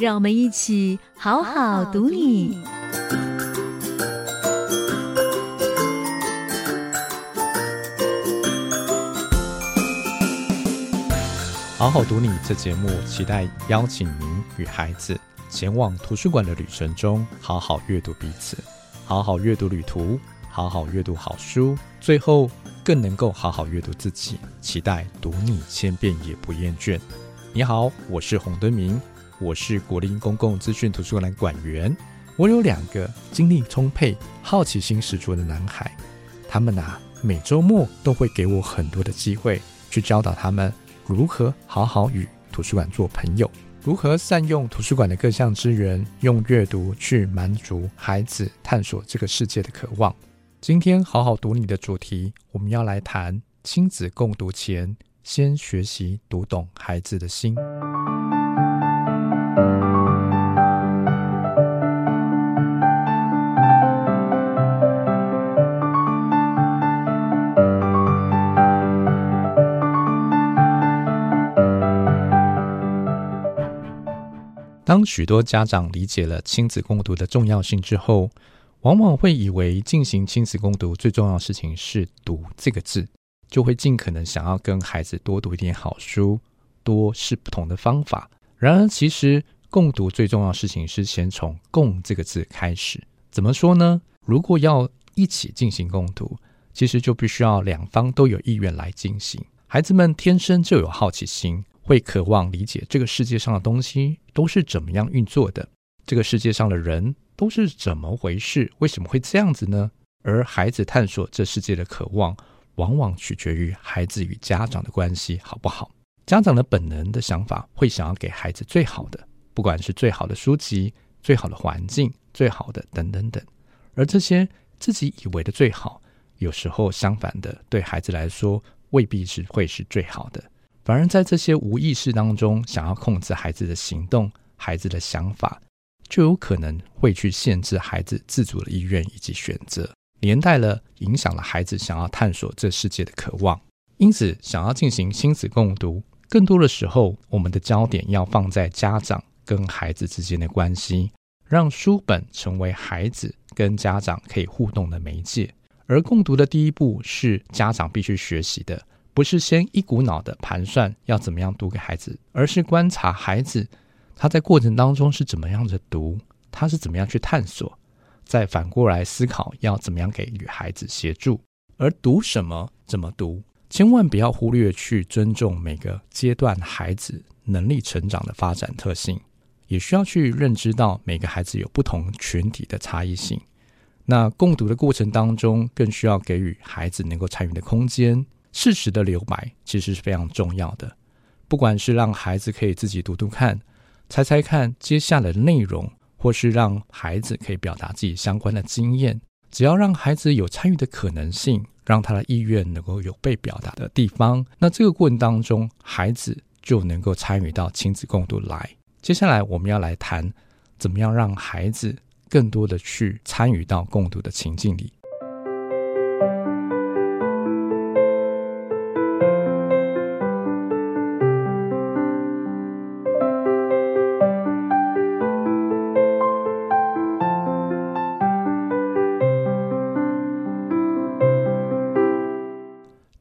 讓我們一起好好讀你，好好讀你這節目，期待邀請您與孩子前往圖書館的旅程中，好好閱讀彼此，好好閱讀旅途，好好閱讀好書，最後更能夠好好閱讀自己。期待讀你千遍也不厭倦。你好，我是洪敦明。我是國立公共資訊圖書館館員，我有兩個精力充沛、好奇心十足的男孩，他們啊，每週末都會給我很多的機會，去教導他們如何好好與圖書館做朋友，如何善用圖書館的各項資源，用閱讀去滿足孩子探索這個世界的渴望。今天好好讀你的主題，我們要來談親子共讀前，先學習讀懂孩子的心。當許多家長理解了親子共讀的重要性之後，往往會以為進行親子共讀最重要的事情是讀這個字，就會盡可能想要跟孩子多讀一點好書，多試不同的方法。然而，其實共讀最重要的事情是先從“共”這個字開始。怎麼說呢？如果要一起進行共讀，其實就必須要兩方都有意願來進行。孩子們天生就有好奇心。會渴望理解這個世界上的東西都是怎麼樣運作的，這個世界上的人都是怎麼回事？為什麼會這樣子呢？而孩子探索這世界的渴望，往往取決於孩子與家長的關係好不好。家長的本能的想法會想要給孩子最好的，不管是最好的書籍、最好的環境、最好的等等等。而這些自己以為的最好，有時候相反的，對孩子來說未必是會是最好的。反而在這些無意識當中，想要控制孩子的行動、孩子的想法，就有可能會去限制孩子自主的意願以及選擇，連帶了影響了孩子想要探索這世界的渴望。因此，想要進行親子共讀，更多的時候，我們的焦點要放在家長跟孩子之間的關係，讓書本成為孩子跟家長可以互動的媒介。而共讀的第一步是家長必須學習的。不是先一股腦的盤算要怎麼樣讀給孩子，而是觀察孩子，他在過程當中是怎麼樣的讀，他是怎麼樣去探索，再反過來思考要怎麼樣給予孩子協助。而讀什麼、怎麼讀，千萬不要忽略去尊重每個階段孩子能力成長的發展特性，也需要去認知到每個孩子有不同群體的差異性。那共讀的過程當中，更需要給予孩子能夠參與的空間。事實的留白其實是非常重要的，不管是讓孩子可以自己讀讀看、猜猜看接下來的內容，或是讓孩子可以表達自己相關的經驗，只要讓孩子有參與的可能性，讓他的意願能夠有被表達的地方，那這個過程當中，孩子就能夠參與到親子共讀來。接下來我們要來談，怎麼樣讓孩子更多的去參與到共讀的情境裡。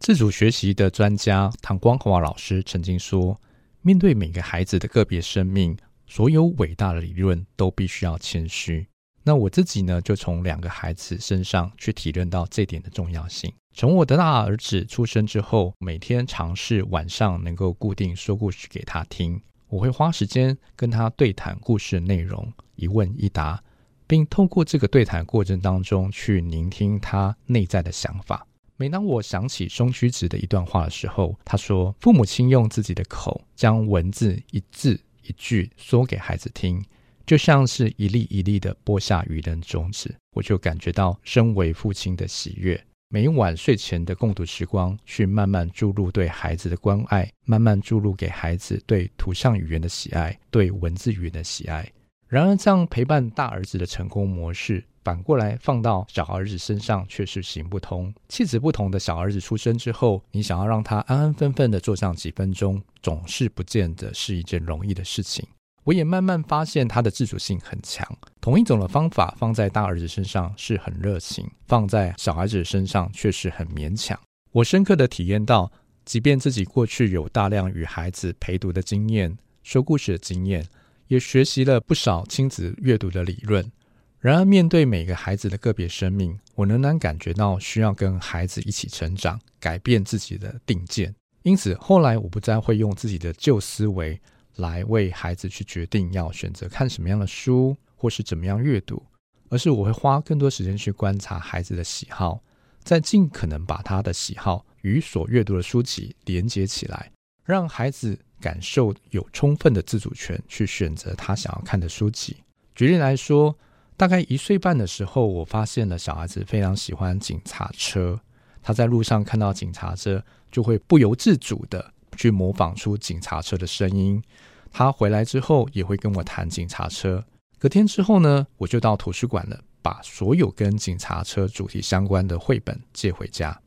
自主學習的專家唐光華老師曾經說：“面對每個孩子的個別生命，所有偉大的理論都必須要謙虛。”那我自己呢，就從兩個孩子身上去體認到這點的重要性。從我的大兒子出生之後，每天嘗試晚上能夠固定說故事給他聽，我會花時間跟他對談故事的內容，一問一答，並透過這個對談過程當中去聆聽他內在的想法。每當我想起松居直的一段話的時候，他說：“父母親用自己的口將文字一字一句說給孩子聽，就像是一粒一粒的播下語言種子。”我就感覺到身為父親的喜悅。每一晚睡前的共讀時光，去慢慢注入對孩子的關愛，慢慢注入給孩子對圖像語言的喜愛，對文字語言的喜愛。然而，這樣陪伴大兒子的成功模式，反過來放到小兒子身上，卻是行不通。氣質不同的小兒子出生之後，你想要讓他安安分分的坐上幾分鐘，總是不見得是一件容易的事情。我也慢慢發現他的自主性很強。同一種的方法放在大兒子身上是很熱情，放在小兒子身上確實很勉強。我深刻的體驗到，即便自己過去有大量與孩子陪讀的經驗、說故事的經驗，也學習了不少親子閱讀的理論然而，面對每個孩子的個別生命，我仍然感覺到需要跟孩子一起成長，改變自己的定見。因此，後來我不再會用自己的舊思維來為孩子去決定要選擇看什麼樣的書，或是怎麼樣閱讀，而是我會花更多時間去觀察孩子的喜好，再盡可能把他的喜好與所閱讀的書籍連接起來，讓孩子感受有充分的自主權去選擇他想要看的書籍。舉例來說。大概一歲半的時候，我發現了小孩子非常喜歡警察車。他在路上看到警察車，就會不由自主地去模仿出警察車的聲音。他回來之後，也會跟我談警察車。隔天之後呢，我就到圖書館了，把所有跟警察車主題相關的繪本借回家，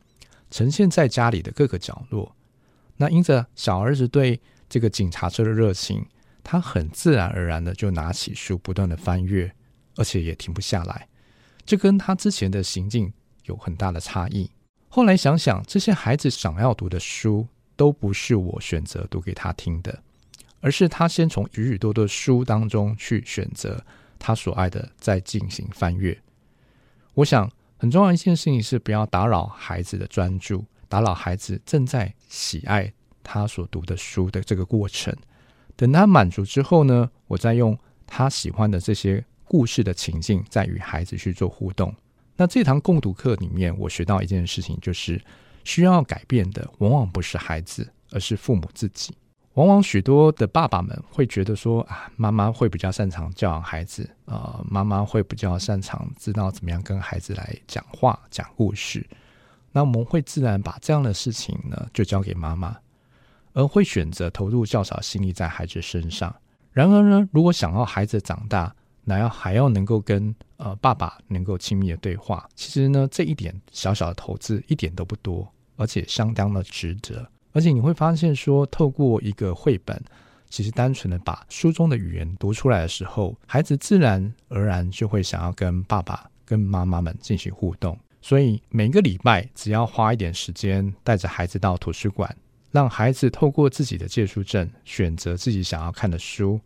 呈現在家裡的各個角落。那因着小兒子對這個警察車的熱情，他很自然而然的就拿起書，不斷的翻閱。而且也停不下來，這跟他之前的行徑有很大的差異。後來想想，這些孩子想要讀的書都不是我選擇讀給他聽的，而是他先從許許多多書當中去選擇他所愛的，再進行翻閱。我想，很重要一件事情是不要打擾孩子的專注，打擾孩子正在喜愛他所讀的書的這個過程。等他滿足之後呢，我再用他喜歡的這些。故事的情境，在與孩子去做互動。那這堂共讀課裡面，我學到一件事情，就是需要改變的，往往不是孩子，而是父母自己。往往許多的爸爸們會覺得說：“啊，媽媽會比較擅長教養孩子，啊、呃，媽媽會比較擅長知道怎麼樣跟孩子來講話、講故事。”那我們會自然把這樣的事情呢，就交給媽媽，而會選擇投入較少心力在孩子身上。然而呢，如果想要孩子長大，那要還要能夠跟呃爸爸能夠親密的對話，其實呢這一點小小的投資一點都不多，而且相當的值得。而且你會發現說，透過一個繪本，其實單純的把書中的語言讀出來的時候，孩子自然而然就會想要跟爸爸、跟媽媽們進行互動。所以每個禮拜只要花一點時間，帶着孩子到圖書館，讓孩子透過自己的借書證選擇自己想要看的書。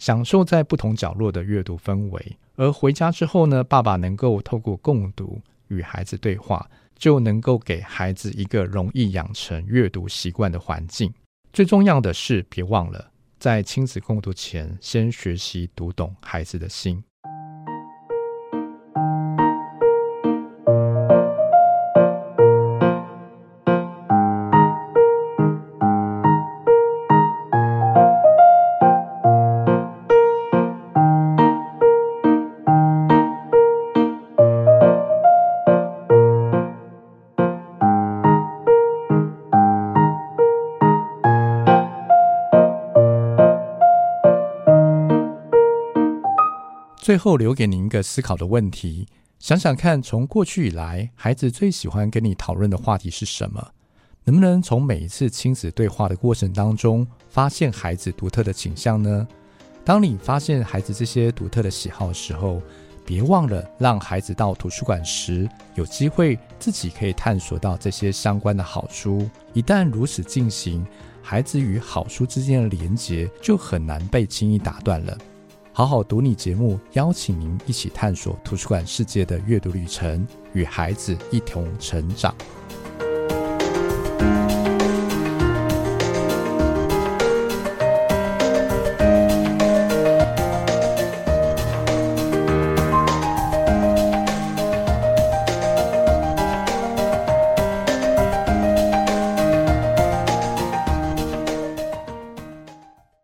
享受在不同角落的閱讀氛圍，而回家之後呢，爸爸能夠透過共讀與孩子對話，就能夠給孩子一個容易養成閱讀習慣的環境。最重要的是，別忘了在親子共讀前，先學習讀懂孩子的心。最後留給您一個思考的問題，想想看，從過去以來，孩子最喜歡跟你討論的話題是什麼？能不能從每一次親子對話的過程當中，發現孩子獨特的傾向呢？當你發現孩子這些獨特的喜好的時候，別忘了讓孩子到圖書館時有機會自己可以探索到這些相關的好書。一旦如此進行，孩子與好書之間的連結就很難被輕易打斷了。好好讀你節目，邀請您一起探索圖書館世界的閱讀旅程，與孩子一同成長。